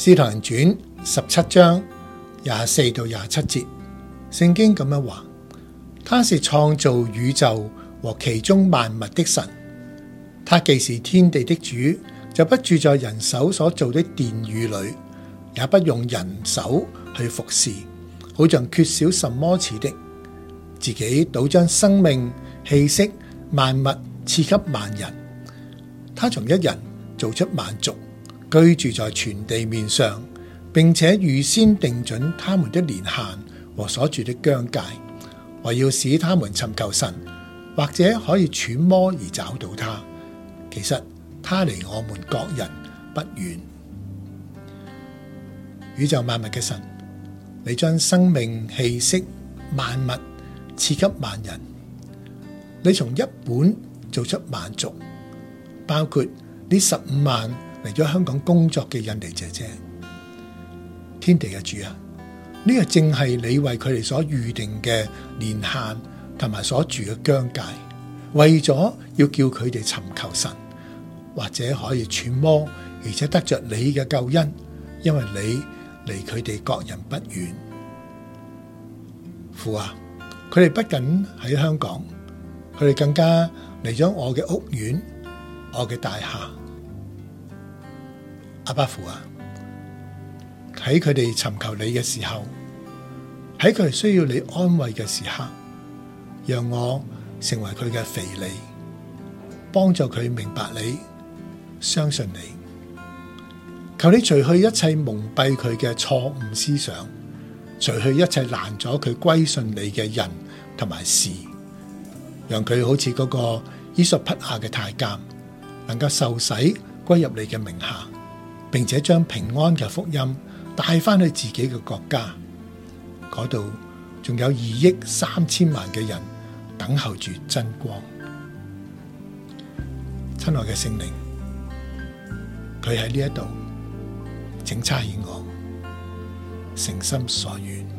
使徒行傳十七章廿四到廿七節，聖經咁樣話：他是創造宇宙和其中萬物的神，他既是天地的主，就不住在人手所造的殿宇裏，也不用人手去服侍，好像缺少什麼似的，自己倒將生命氣息萬物賜給萬人。他從一人做出萬族。居住在全地面上，並且預先定準他們的年限和所住的疆界，為要使他們尋求神，或者可以揣摩而找到他。其實他離我們各人不遠。宇宙萬物嘅神，你將生命氣息萬物賜給萬人，你從一本造出萬族，包括呢十五萬。嚟咗香港工作嘅印尼姐姐，天地嘅主啊，呢個正係你為佢哋所預定嘅年限，同埋所住嘅疆界，為咗要叫佢哋尋求神，或者可以揣摩，而且得着你嘅救恩，因為你離佢哋各人不遠。父啊，佢哋不僅喺香港，佢哋更加嚟咗我嘅屋苑，我嘅大廈。阿爸父啊，喺佢哋尋求你嘅時候，喺佢需要你安慰嘅時刻，讓我成為佢嘅腓利，幫助佢明白你、相信你。求你除去一切蒙蔽佢嘅錯誤思想，除去一切攔阻佢歸順你嘅人同埋事，讓佢好似嗰個伊索匹亞嘅太監，能夠受洗歸入你嘅名下。並且將平安嘅福音帶翻去自己嘅國家，嗰度仲有二億三千萬嘅人等候住真光。親愛嘅聖靈，佢喺呢一度，請差遣我，誠心所願。